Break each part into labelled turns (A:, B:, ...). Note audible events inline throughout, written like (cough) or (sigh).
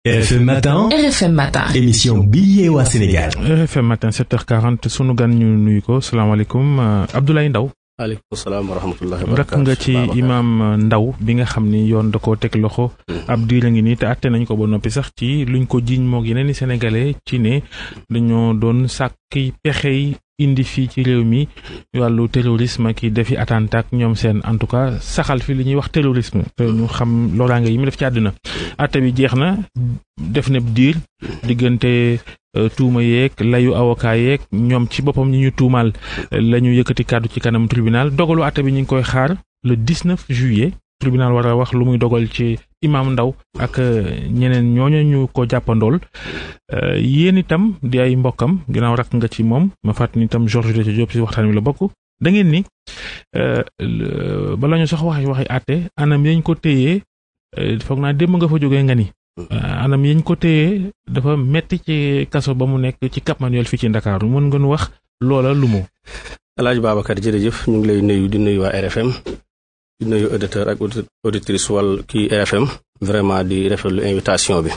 A: RFM Matin RFM Matin bi yee waa Sénégal. RFM Matin sunu gan ñu nuyu ko salaamaaleykum euh, Abdoulaye Ndao.
B: maaleykum salaam wa rahmatullahi wa barakatuh nga ci imaam
A: ndaw bi nga xam ni yoon da koo teg loxo. Mm-hmm. ab diir a ngi nii te àtte nañ ko ba noppi sax ci luñ ko jiiñ moog yeneen i sénégalais ci ne dañoo doon sàkki pexey indi fii ci réew mi wàllu terrorisme ki defi attentat ñoom seen en tout cas saxal fi li ñuy wax terrorisme te ñu xam loraange yi mu def ci àdduna atte bi jeex na def na diir diggante euh, tuuma yeeg layu avocat yeeg ñoom ci boppam ñi ñu tuumaal la yëkkati kàddu ci kanam tribunal dogalu atte bi ñu ngi koy xaar le 19 tribunal war wax lu muy dogal ci Imam Ndaw ak euh, ñeneen ñooñu ñu ko jàppandool euh, yéen itam di ay mbokkam ginnaaw rakk nga ci moom ma fàttali itam Georges Déthié Diop ci waxtaan wi la bokk da ngeen ni euh, bala ñu sox waxi waxi àtte anam yañ ko téye foog naa démb nga fa jógee nga ni anam yañ ko téyee dafa metti ci kaso ba mu nekk ci Cap Manuel fii ci Ndakaaru mën nga nu wax loola lu mu.
B: Alaaji jërëjëf ñu ngi lay nuyu di nuyu di nuyu auditeur ak auditrice wal kii RFM vraiment di rafetlu invitation bi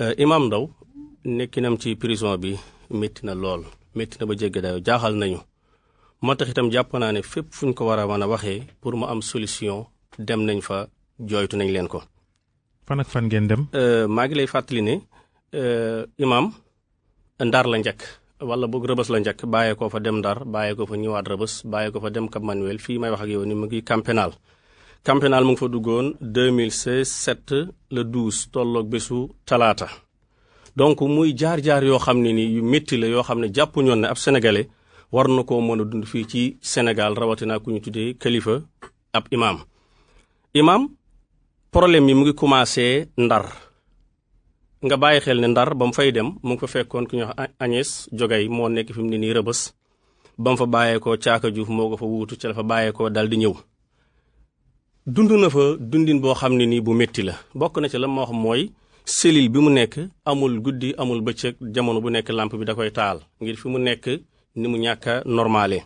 B: euh, Imam Ndao nekkinam ci prison bi métti na lool métti na ba jéggi dayo jaaxal nañu moo tax itam jàpp naa ne fépp fu ñu ko war a mën a waxee pour mu am solution dem nañ fa jooytu nañ leen ko.
A: fan ak fan ngeen dem.
B: Euh, maa ngi lay fàttali ne euh, Imaam Ndar la njëkk. wala boog rëbës la njëkk bàyyee ko fa dem ndar bàyyee ko fa ñëwaat rëbës bàyyee ko fa dem Cap Manuel fii may wax ak ni mu ngi camp pénal mu ngi fa duggoon 2016 7 le 12 tolloog bésu talaata donc muy jaar-jaar yoo xam ne ni yu métti la yoo xam ne jàpp ñoon ne ab sénégalais war na koo mën a dund fii ci Sénégal rawatina ku ñu tuddee kalifa ab imaam imaam problème yi mu ngi commencé ndar nga bàyyi xel ne ndar ba mu fay dem mu ngi fa fekkoon ku ñuy wax Agnès Jogay moo nekk fi mu ne nii rëbës ba mu fa bàyyeekoo caaka juuf moo ko fa wuutu ca la fa bàyyeekoo dal ñëw. dund na fa dundin boo xam ne nii bu métti la bokk na ci la moo xam mooy cellule bi mu nekk amul guddi amul bëccëg jamono bu nekk làmp bi da koy taal ngir fi mu nekk ni mu ñàkk a normale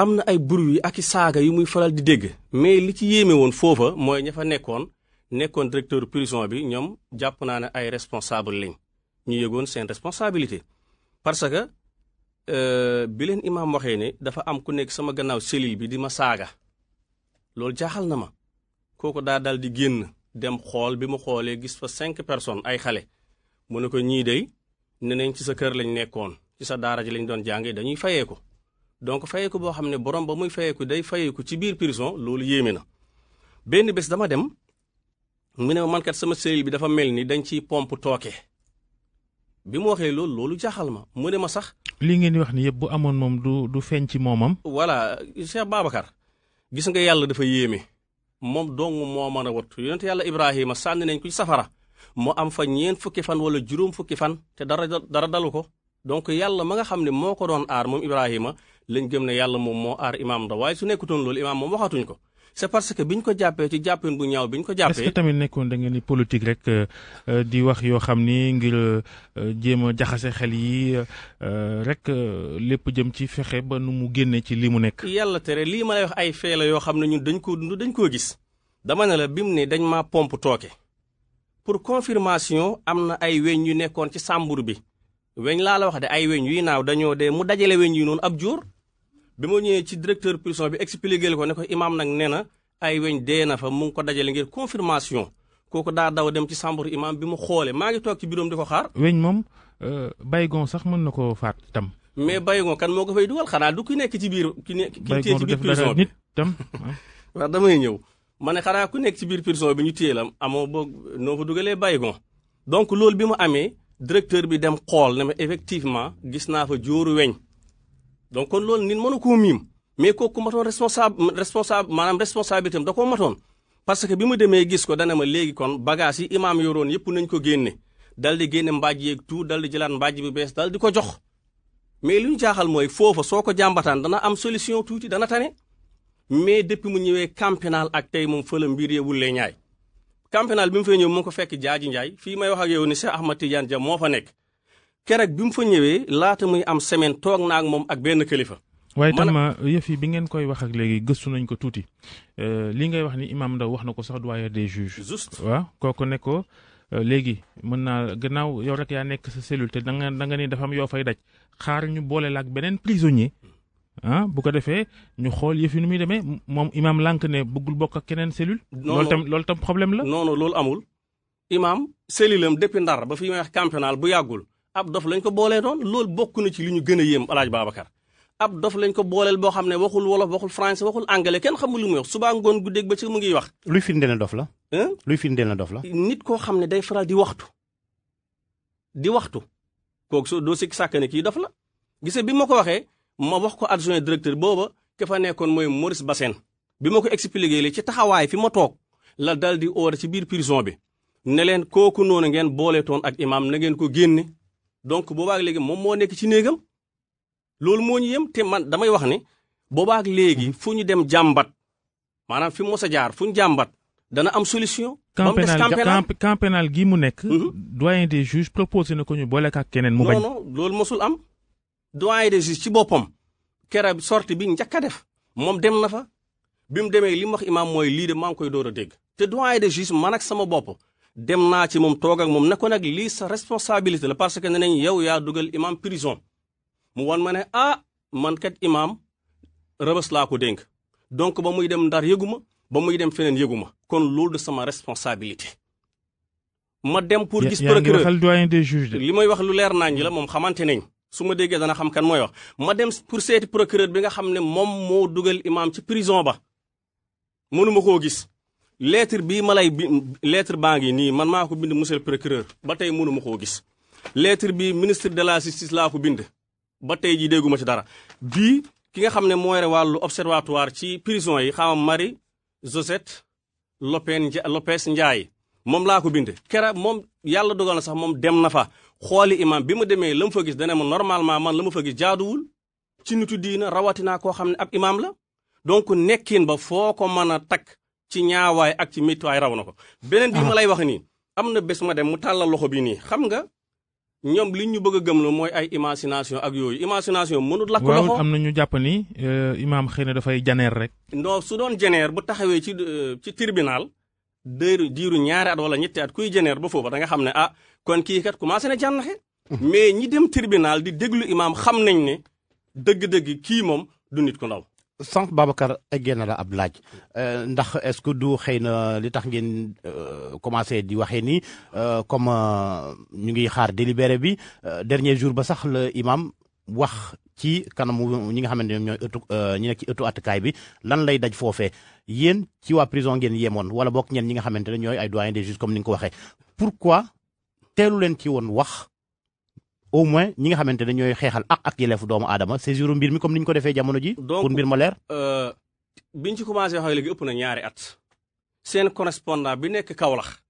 B: am na ay bruit yi ak i saaga yu muy faral di dégg mais li ci yéeme woon foofa mooy ña fa nekkoon. nekkoon directeur prison bi ñoom jàpp naa ne ay responsable lañ ñu yëgoon seen responsabilité parce que euh, bi leen imaam waxee ne dafa am ku nekk sama gannaaw cellule bi di ma saaga loolu jaaxal na ma kooku daa dal di génn dem xool bi mu xoolee gis fa cinq personnes ay xale mu ne ko ñii dey ne nañ ci sa kër lañ nekkoon ci sa daara ji lañ doon jàngee dañuy fayee ko donc fayeeku boo xam ne borom ba muy fayeeku day fayeeku ci biir prison loolu yéeme na benn bés dama dem mu ne man kat sama cellule bi dafa mel ni dañ ciy pompe tooke bi mu waxee loolu loolu jaaxal ma mu ne ma sax.
A: lii ngeen di wax ni yëpp bu amoon moom du du feeñ ci moomam.
B: voilà Cheikh Babacar gis nga yàlla dafa yéeme moom dong moo mën a wattu yonent yàlla Ibrahima sànni nañ ko ci safara mu am fa ñeent fukki fan wala juróom fukki fan te dara dara dalu ko. donc yàlla ma nga xam ne moo ko doon aar moom Ibrahima lañ gëm ne yàlla moom moo aar imaam da waaye su nekkutoon loolu moom waxatuñ ko. c'est parce que bi ñu ko jàppee ci jàppin bu ñaaw biñ ko jàppee. est-ce
A: tamit nekkoon da ngeen ni politique rek euh, euh, di wax yoo xam ni ngir euh, jéem a jaxase xel yi rek lépp jëm ci fexe ba nu mu génne ci li mu nekk.
B: yàlla tere lii ma wax ay fee la yoo xam ne ñu dañ koo dund dañ koo gis dama ne la bi mu ne dañ maa pompe tooke pour confirmation am na ay weñ yu nekkoon ci sàmbur bi weñ laa la wax de ay weñ yuy naaw dañoo de mu dajale weñ yu noonu ab jur bi ma ñëwee ci directeur prison bi expliqué ko ne ko imaam nag nee na ay weñ dee na fa mu ngi ko dajale ngir confirmation kooku daa daw dem ci chambre imaam bi mu xoolee maa ngi toog ci biiram di ko xaar.
A: weñ moom euh, baygon sax mën na koo faat tam.
B: mais baygon kan moo ko fay dugal xanaa du ki nekk ci biir. ki nekk ki téye ci biir prison bi nit tam. (laughs) waaw damay ñëw ma ne xanaa ku nekk ci biir prison bi ñu téye la amoo boog noo fa dugalee baygon donc loolu bi mu amee directeur bi dem xool ne ma effectivement gis naa fa jóoru weñ. donc kon loolu nit mënu koo miim mais kooku matoon responsable responsable maanaam responsabilité am da koo matoon. parce que bi mu demee gis ko dana ma léegi kon bagage yi imaam yoroon yëpp nañ ko génne dal di génne mbaaj yeeg tout dal di jëlaat mbaaj bi bees dal di ko jox. mais li ñu jaaxal mooy foofa soo ko jàmbataan dana am solution tuuti dana tane mais depuis mu ñëwee campénal ak tey moom fële mbir yee wulle ñaay. campénal bi mu fay ñëw ko fekk jaaji njaay fii may wax ak yow ni Cheikh Ahmad moo fa nekk keroog bi mu fa ñëwee laata muy am semaine toog naa ak moom ak benn kilifa.
A: waaye tam euh, yëf yi bi ngeen koy wax ak léegi gëstu nañ ko tuuti euh, li ngay wax ni Imam Ndao wax na ko sax doyen des juges. juste waaw kooku ne ko euh, léegi mën naa gannaaw yow rek yaa nekk sa cellule te da nga da nga ni dafa yoo fay daj xaar ñu booleel ak beneen prisonnier ah bu ko defee ñu xool yëf yi nu muy demee moom Imaam lànk ne bëggul bokk ak keneen cellule. loolu tam
B: loolu tam problème la. non loolu amul. Imaam cellule am depuis Ndar ba fi may wax camp bu yàggul. ab dof lañ ko boolee noonu loolu bokk na ci li ñu gën a yéem alaaj Babacar ab dof lañ ko booleel boo xam ne waxul wolof waxul français waxul anglais kenn xamul lu muy wax subaa ngoon guddeeg ba ci mu ngiy wax. luy firndeel
C: na dof la. luy firndeel na dof la.
B: nit koo xam ne day faral di waxtu di waxtu kooku soo doo sikk sàkk kii dof la gisee bi ma ko waxee ma wax ko adjoint directeur booba ka fa nekkoon mooy Maurice Bassène bi ma ko expliqué li ci taxawaay fi ma toog la dal di oor ci biir prison bi ne leen kooku noonu ngeen booletoon ak imam na ngeen ko génne. donc boobaak léegi moom moo nekk ci néegam loolu moo ñu yem te man damay wax ne boobaak léegi fu ñu dem jàmbat maanaam fi mu mos a jaar fu ñu jàmbat dana am solution. ba mu des
A: camp pénal mu nekk. Mhm. doyen des juges proposé na ko ñu boole ak keneen mu bañ. non
B: non loolu mosul am doyen des juges ci boppam keroog sorti bi njëkk a def moom dem na fa bi mu demee li mu wax imaam mooy lii de maa ngi koy door a dégg. te doyen de juges man ak sama bopp dem naa ci moom toog ak moom ne ko nag lii sa responsabilité la parce que ne nañ yow yaa dugal imam prison mu wan ma ne ah man kat imam rëbës laa ko dénk donc ba muy dem ndar yëguma ba muy dem feneen yëgu ma kon loolu de sama responsabilité. ma dem pour gis procureur li may wax lu leer naañ la moom xamante nañ su ma déggee dana xam kan mooy wax ma dem pour seeti procureur bi nga xam ne moom moo dugal imam ci prison ba mënuma koo gis. lettre bii ma bi lettre baa ngi nii man maa ko bind monsieur le ba tey mënuma koo gis. lettre bi ministre de la justice laa ko bind ba tey jii dégguma ci dara bii ki nga xam ne mooy wàllu observatoire ci prison yi xamam Marie Josette Lopin Lopes Ndiaye moom laa ko bind. kera moom yàlla dogal na sax moom dem na fa xooli imam bi ma demee la mu fa gis dana ma normalement man la ma fa gis jaaduwul ci nitu diina rawatinaa koo xam ne ab imaam la donc nekkin ba foo ko mën a takk. ci ñaawaay ak ci méttiwaay raw na ko. beneen bi ma ah. lay wax nii am na bés ma dem mu tàllal loxo bi nii xam nga ñoom li ñu bëgg a gëm la mooy ay imagination ak yooyu imagination mënut lakk loxo am
A: na ñu jàpp ni euh, imaam xëy na dafay janeer rek.
B: ndox su doon janeer bu taxawee ci euh, ci tribunal déeru diiru ñaari at wala ñetti at kuy janeer ba foofu da nga xam ne ah kon kii kat commencé na jànnaxe hmm. mais ñi dem tribunal di déglu imaam xam nañ ne dëgg-dëgg kii moom du nit ku ndaw.
C: sànq Babacar eggee na la ab laaj euh, ndax est-ce que du xëy na li tax ngeen euh, commencé di waxee nii euh, comme ñu ngi xaar délibéré bi dernier jour ba sax la imam wax ci kanam ñi nga xamante ne ñooy ëttu ñi nekk ci ëttu bi lan lay daj foofee yen ci waa prison ngeen yemoon wala bokk ñeen ñi nga xamante ne ñooy ay doyen des juges comme ni nga ko waxee pourquoi teelu leen ci woon wax au moins ñi nga xamante ne ñooy xeexal ak ak yelleefu doomu aadama saisiru mbir mi kom ni ko defee jamono ji pour mbir ma leer
B: euh, biñ ci commencé waxee léegi ëpp na ñaari at seen correspondant bi nekk Kaolack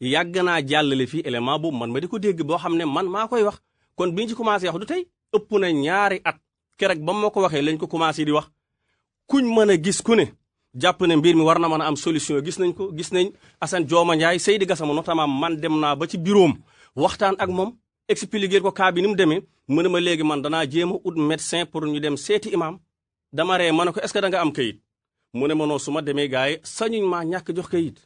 B: yàgg naa jàllale fii élément boobu man ma di ko dégg boo xam ne man maa koy wax kon biñ ci commencé wax du tey ëpp na ñaari at keroog ba moo ko waxee lañ ko commencé di wax kuñ mën a gis ku ne jàpp ne mbir mi war na mën a am solution gis nañ ko gis nañ Assane Dioma Ndiaye Seydi Gassama notamment man dem naa ba ci bureau am ak moom expliquer ko cas bi ni mu demee mu ne ma léegi man danaa jéem a ut médecin pour ñu dem seeti imaam dama ree ma ne ko est-ce da nga am kayit mu ne ma noo suma ma demee gaay sañuñ maa ñàkk jox kayit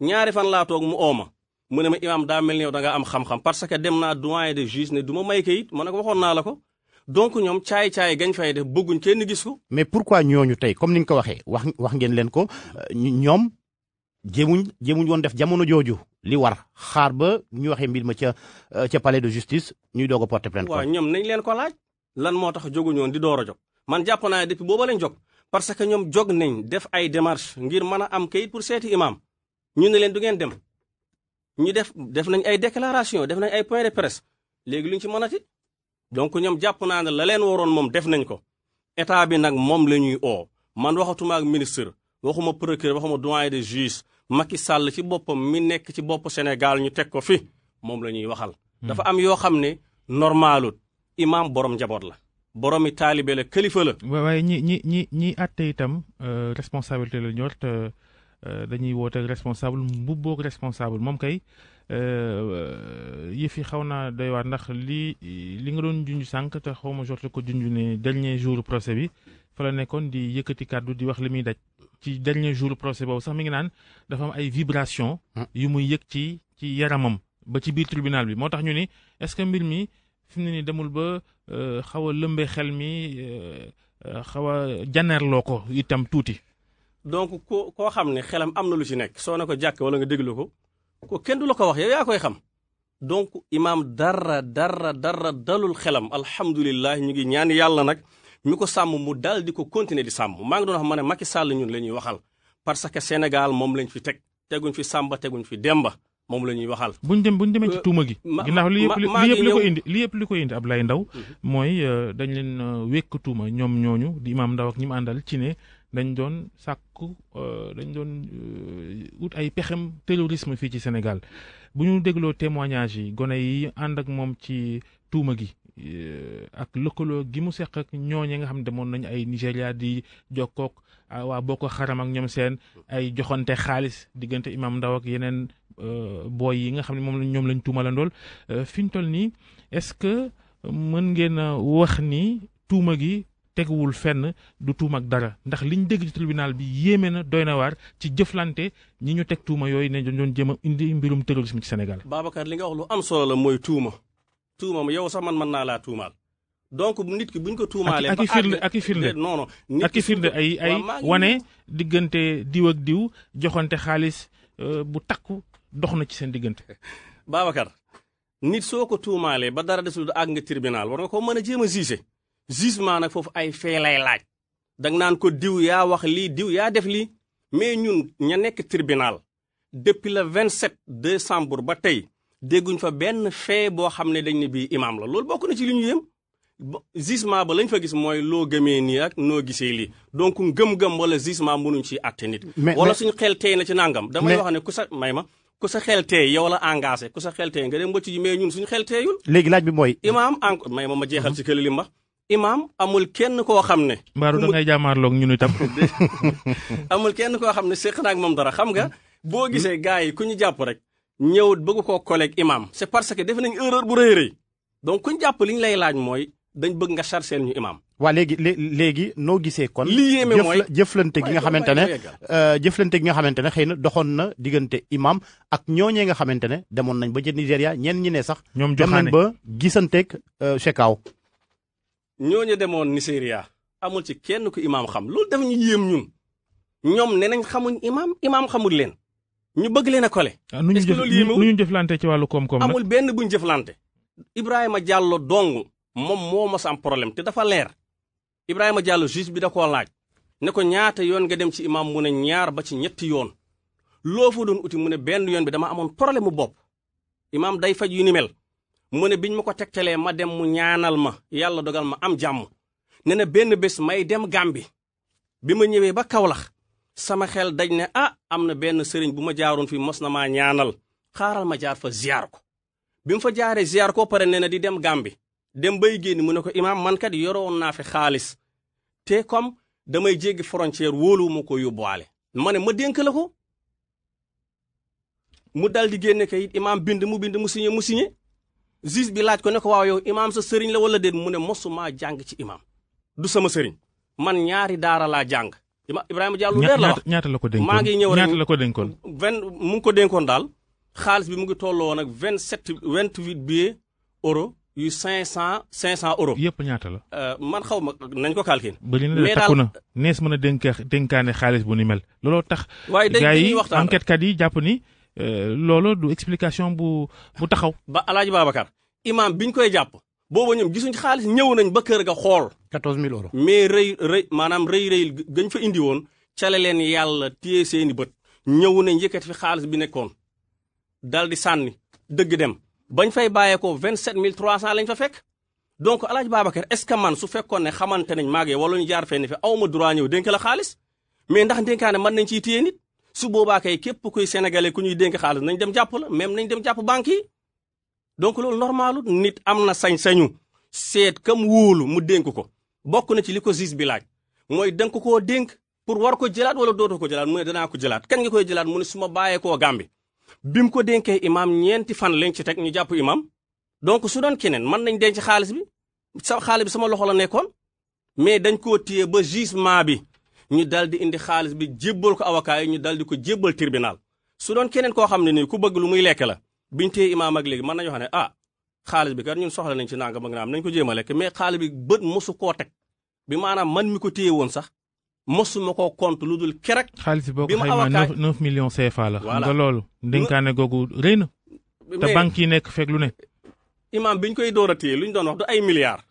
B: ñaare fan laa toog mu ooma mu ne ma imaam daa mel ni yow da nga am xam-xam parce que dem naa doyen de juge ne du may kayit ma ne ko waxoon naa la ko donc ñoom caay-caay gañ fay def bëgguñ kenn gis ko.
C: mais pourquoi ñooñu tey comme ni nga ko waxee wax wax ngeen leen ko euh, ñoom jéemuñ jéemuñ woon def jamono jooju li war xaar ba ñu waxee mbir ma ca euh, ca palais de justice ñuy doog a porter plainte. waaw
B: ñoom nañ leen ko laaj lan moo tax jóguñu woon di door a jóg man jàpp naa depuis booba lañ jóg parce que ñoom jóg nañ def ay démarches ngir mën a am kayit pour seeti imam ñu ne leen du ngeen dem ñu def def nañ ay déclaration def nañ ay point de presse léegi luñ ci mënati donc ñoom jàpp naa ne la leen waroon moom def nañ ko état bi nag moom la ñuy o man waxatuma ak ministre. waxuma procureur waxuma doyen des juges Macky Sall ci boppam mi nekk ci bopp Sénégal ñu teg ko fi moom la ñuy waxal. Hmm. dafa am yoo xam ne normalut imaam borom njaboot la. boromi taalibe la kilifa la.
A: waaye ñi ñi ñi ñi àtte itam euh, responsabilité la ñor te euh, dañuy woote responsable mbubboog responsable moom kay euh, yëf yi xaw naa doy waar ndax li li nga doon junj sànq te xaw ma jot ko junj ne dernier jour procès bi. fa la nekkoon di yëkkati kàddu di wax li muy daj ci dernier jour procès boobu sax mi ngi naan dafa am ay vibration ah. yu muy yëg ci ci yaramam ba ci biir tribunal bi moo tax ñu ni est-ce que mbir mi fi ne ni demul ba euh, xaw a lëmbee xel mi euh, euh, xaw a janeerloo ko itam tuuti
B: donc ko koo xam ne xelam am na lu ci nekk soo na ko jàkk wala nga déglu ko ko kenn du la ko wax yow yaa koy xam donc imaam dara dara dalul xelam alhamdulilah ñu ngi ñaan yàlla nag ñu ko sàmm mu dal di ko continuer di sàmm maa ngi doon wax ma ne Macky Sall la ñuy waxal parce que Sénégal moom lañ fi teg teguñ fi sàmba teguñ fi Demba moom la ñuy waxal. bu ñu dem
A: bu ñu demee ci euh, tuuma gi. ginnaaw li yëpp li yëpp li ko indi li yëpp li ko Ndaw mhm. mooy euh, dañ leen euh, wékk tuuma ñoom ñooñu di imaam Ndaw ak ñi àndal ci ne dañ doon sàkku dañ doon ut ay pexem terrorisme fii ci Sénégal bu ñu dégloo témoignage yi gone yi ànd ak moom ci tuuma gi. ak lëkkaloo gi mu seq ak ñooñe nga xam ne demoon nañu ay Nigéria di jokkook ah, waa Boko Haram ak ñoom seen ay joxante xaalis diggante Imam Ndaw ak yeneen euh, booy yi nga xam ne moom la ñoom lañ tuumalandool euh, fi ñu toll nii est-ce que mën ngeen wax ni tuuma gi teguwul fenn du tuuma ak dara ndax liñ dégg ci tribunal bi yéeme na doy na waar ci jëflante ñi ñu teg tuuma yooyu ne doon jéem a indi mbirum terrorisme ci Sénégal.
B: Babacar li nga wax lu am solo la mooy tuuma. tuuma ma yow sax man mën naa laa tuumaal donc nit ki buñ ko tuumaalee. ak i firnde ak i firnde non non. ak i firnde ay ay wane
A: diggante diw ak diw joxante xaalis euh, bu takku dox na ci seen diggante.
B: (laughs) Babacar nit soo ko tuumaalee ba dara desul àgg nga tribunal war nga ko mën a jéem a juge jugement nag foofu ay fee lay laaj. danga naan ko diw yaa wax lii diw yaa def li mais ñun ña nekk tribunal depuis le 27 décembre ba tey. dégguñ fa benn fee boo xam ne dañ ne bii imaam la loolu bokk na ci li ñu yëm gisement ba lañ fa gis mooy loo gëmee nii ak noo gisee lii donc ngëm-ngëm wala gisement mënuñ ci àtte nit. wala suñu xel tey na ci nangam. damay wax ne ku sa may ma ku sa xel tey yow la engagé ku sa xel nga dem ba ci mais ñun suñu xel teeyul.
A: léegi laaj bi mooy.
B: imaam encore may ma ma jeexal ci kële li ma imaam amul kenn koo xam ne. mbaaru da ngay
A: jàmmaarloog ñun itam.
B: (laughs) amul kenn koo xam ne séq ak moom dara xam nga. boo gisee gars yi ku ñu jàpp rek. ñëw bëgg koo collègue imam c'est parce que def nañ erreur bu rëy rëy donc kuñ jàpp li ñu lay laaj mooy dañ bëgg nga chargeel ñu imam
C: waa léegi léegi noo gisee kon. li yéeme mooy jëflante gi nga xamante ne euh, jëflante gi nga xamante ne xëy na doxoon na diggante imam ak ñooñee nga xamante ne demoon nañ ba jël Nigéria ñenn ñi ne sax. ñoom dem nañ ba gisanteeg euh, Chekau.
B: ñooñu demoon Nigéria amul ci kenn ku imam xam loolu dafa ñu yéem ñun ñoom nee nañ xamuñ imaam imaam xamul leen. ñu bëgg leen a kole. Ah, est-ce que loolu nu ñu
A: jëflante ci wàllu koom-koom amul
B: benn bu ñu jëflante. Ibrahima Diallo dong moom moo mos am problème te dafa leer Ibrahima Diallo jus bi da koo laaj. ne ko ñaata yoon nga dem ci imam mu ne ñaar ba ci ñetti yoon loo fa doon uti mu ne benn yoon bi dama amoon problème mu bopp. imaam day faj yu ni mel mu ne biñ ma ko tegtalee ma dem mu ñaanal ma yàlla dogal ma am jàmm ne na benn bés may dem Gàmbi bi ma ñëwee ba kawlax sama xel daj ne ah am na benn sëriñ bu ma jaaroon fii mos na maa ñaanal xaaral ma jaar fa ziar ko bi mu fa jaaree ziar ko pare nee na di dem Gàmbi dem bay génn mu ne ko imaam man kat yoroon naa fi xaalis te comme damay jéggi frontière wóolu ma ko yóbbuwaale ma ne ma dénk la ko mu dal di génne kayit imaam bind mu bind mu signé mu signé juge bi laaj ko ne ko waaw yow imaam sa sëriñ la wala déet mu ne maa jàng ci imaam du sama sëriñ man ñaari daara laa jàng Ibrahima Diallo leer la ñaata la
A: ko dénkoon maa ngi ñëw rek ñaata la ko dénkoon.
B: vingt mu ngi ko dénkoon daal xaalis bi mu ngi tolloo woon ak vingt sept vingt huit billets euro yu cinq cent cinq cent yëpp ñaata la. Euh, man xaw ma nañ ko calculer. mais daal ba takku na
A: nees mën a dénka dénkaane xaalis bu ni mel. looloo tax. waaye dañuy waxtaan gars yi enquête kat yi jàpp ni euh, loolu du explication bu bu
B: taxaw. ba El Hadj Babacar imaam biñ koy jàpp booba ñoom gisuñ xaalis ñëw nañ ba kër a xool
C: 14000 euros.
B: mais rëy rëy maanaam rëy rëy gañ fa indi woon cale leen yàlla téye seeni bët ñëw nañ yëkkati fi xaalis bi nekkoon dal di sànni dëgg dem bañ fay bàyyeekoo 27300 lañ fa fekk. donc El Hadj Babacar ce que man su fekkoon ne xamante nañ maagee wala ñu jaar fenn fi aw ma droit ñëw dénk la xaalis mais ndax dénkaane mën nañ ciy téye nit su boobaa képp kuy sénégalais ku ñuy dénk xaalis nañ dem jàpp la même nañ dem jàpp banque yi donc loolu normalul nit am na sañ-sañu seet kam wóolu mu dénk ko bokk na ci li ko juge bi laaj mooy danga ko koo dénk pour war ko jëlaat wala dootoo ko jëlaat mu ne danaa ko jëlaat kañ nga koy jëlaat mu ne su ma bàyyee koo Gàmbi bi mu ko dénkee imaam ñeenti fan lañ ci teg ñu jàpp imaam donc su doon keneen mën nañ denc xaalis bi sa xaalis bi sama loxo la nekkoon mais dañ koo téye ba jugement bi ñu dal di indi xaalis bi jébbal ko avocat yi ñu dal di ko jébbal tribunal su doon keneen koo xam ne nii ku bëgg lu muy lekk la biñ téye imaam ak léegi mën nañu xam ne ah xaalis bi kat ñun soxla nañ ci nangam ak am nañ ko jéem a lekk mais xaalis bi bët mosu koo teg bi maanaam man mi ko téye woon sax mosuma koo compte lu dul kerek. xaalis boo ko xaymaa 9
A: millions CFA la. voilà nga loolu ndénkaane googu rëy na. te banque yi nekk fekk lu ne.
B: imaam biñ koy door a téye lu ñu doon wax du ay milliards.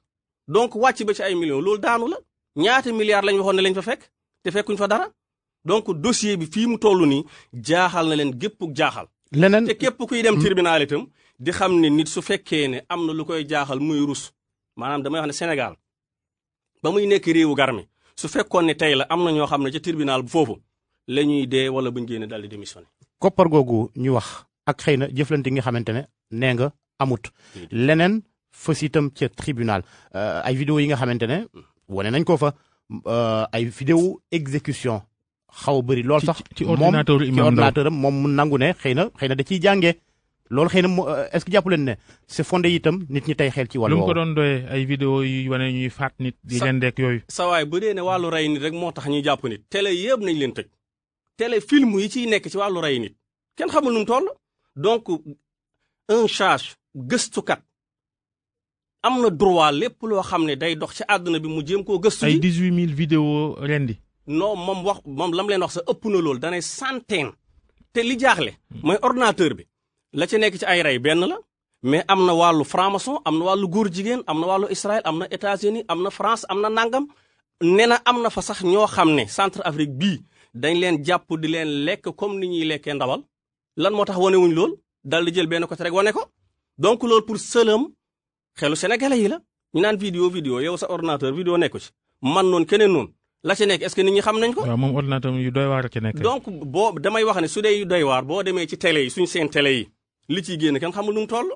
B: donc wàcc ba ci ay millions loolu daanu la. ñaata milliards lañ waxoon ne lañ fa fekk te fekkuñ fa dara donc dossier bi fii mu toll nii jaaxal na leen gépp jaaxal. leneen képp kuy dem hmm. tribunal itam di xam ne nit su fekkee ne am na lu koy jaaxal muy rus maanaam damay wax ne Sénégal ba muy nekk réewu garmi su fekkoon ne tey la am na ñoo xam ne ca tribunal bu foofu la ñuy dee wala bu ñu génnee daal di démissionné.
C: koppar googu ñu wax ak xëy na jëflante yi nga xamante ne nee nga amut. leneen fës itam ca tribunal euh, ay vidéo yi nga xamante ne wane nañ ko fa euh, ay vidéo exécution xaw a lool sax. ci ci ordinateur moom ci ordinateur am moom mu nangu ne xëy na xëy na da ciy jàngee. loolu xëy na moo euh, est-ce que jàpp leen ne c'est fondé itam nit ñi tey xel ci wàllu. lu mu ko
A: doon doyee ay vidéo yu wane ñuy faat nit. di leen yooyu.
B: sa waay bu dee ne wàllu rey nit rek moo tax ñuy jàpp nit. tele yëpp nañ leen tëj télé film yi ciy nekk ci wàllu rey nit kenn xamul nu mu toll. donc un charge gëstukat am na droit lépp loo xam ne day dox ci àdduna bi mu jéem koo gëstu. ay
A: 18000 vidéo ren di.
B: non moom wax moom lam leen wax sa ëpp na loolu danay centaine. te li jaaxle. Hmm. mooy ordinateur bi. la ci nekk ci ay rey benn la mais am na wàllu franc-maçon am na wàllu góor jigéen am na wàllu Israël am na États-Unis am na France am na nangam nee na am na fa sax ñoo xam ne centre Afrique bii dañ leen jàpp di leen lekk comme ni ñuy lekkee ndawal lan moo tax wane wuñ lool dal di jël benn côté rek wane ko donc lool pour sëlam xelu sénégalais yi la ñu naan vidéo vidéo yow sa ordinateur vidéo nekk ci man noon keneen noon la nekk est-ce que nit ñi xam nañ ko.
A: moom ordinateur yu doy waar ci nekk. donc
B: boo damay ne su dee yu boo demee ci télé yi suñu seen yi. li ci génn kenn xamul nu mu toll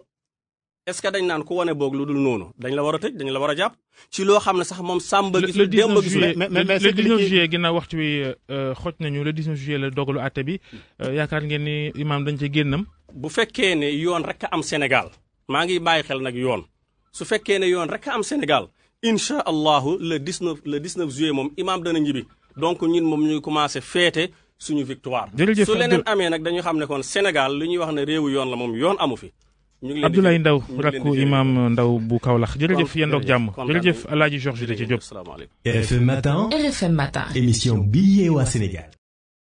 B: est-ce que dañ naan ku wane boog lu dul noonu dañ la war a tëj dañ la war a jàpp ci loo xam ne sax moom sàmba gis la démb gis la le 19
A: juillet ginnaaw waxtu wi euh, nañu le 19 juillet la dogalu bi euh, yaakaar ngeen ni imaam dañ ci génnam
B: bu fekkee ne yoon rek a am Sénégal maa ngi bàyyi xel nag yoon su fekkee ne yoon rek am Sénégal incha allahu le 19 le 19 juillet moom imaam dana ñibbi donc ñun moom ñu commencé féete suñu victoire. jërëjëf su leneen amee nag dañu xam ne kon Sénégal li ñuy wax ne réew yoon la moom yoon amu fi. ñu ngi leen Abdoulaye Ndaw rakku imaam
A: Ndaw bu Kaolack jërëjëf yéen doog jàmm jërëjëf
B: Alaaji Georges
A: Diop. RFM matin
B: RFM matin
A: émission bi yee waa Sénégal.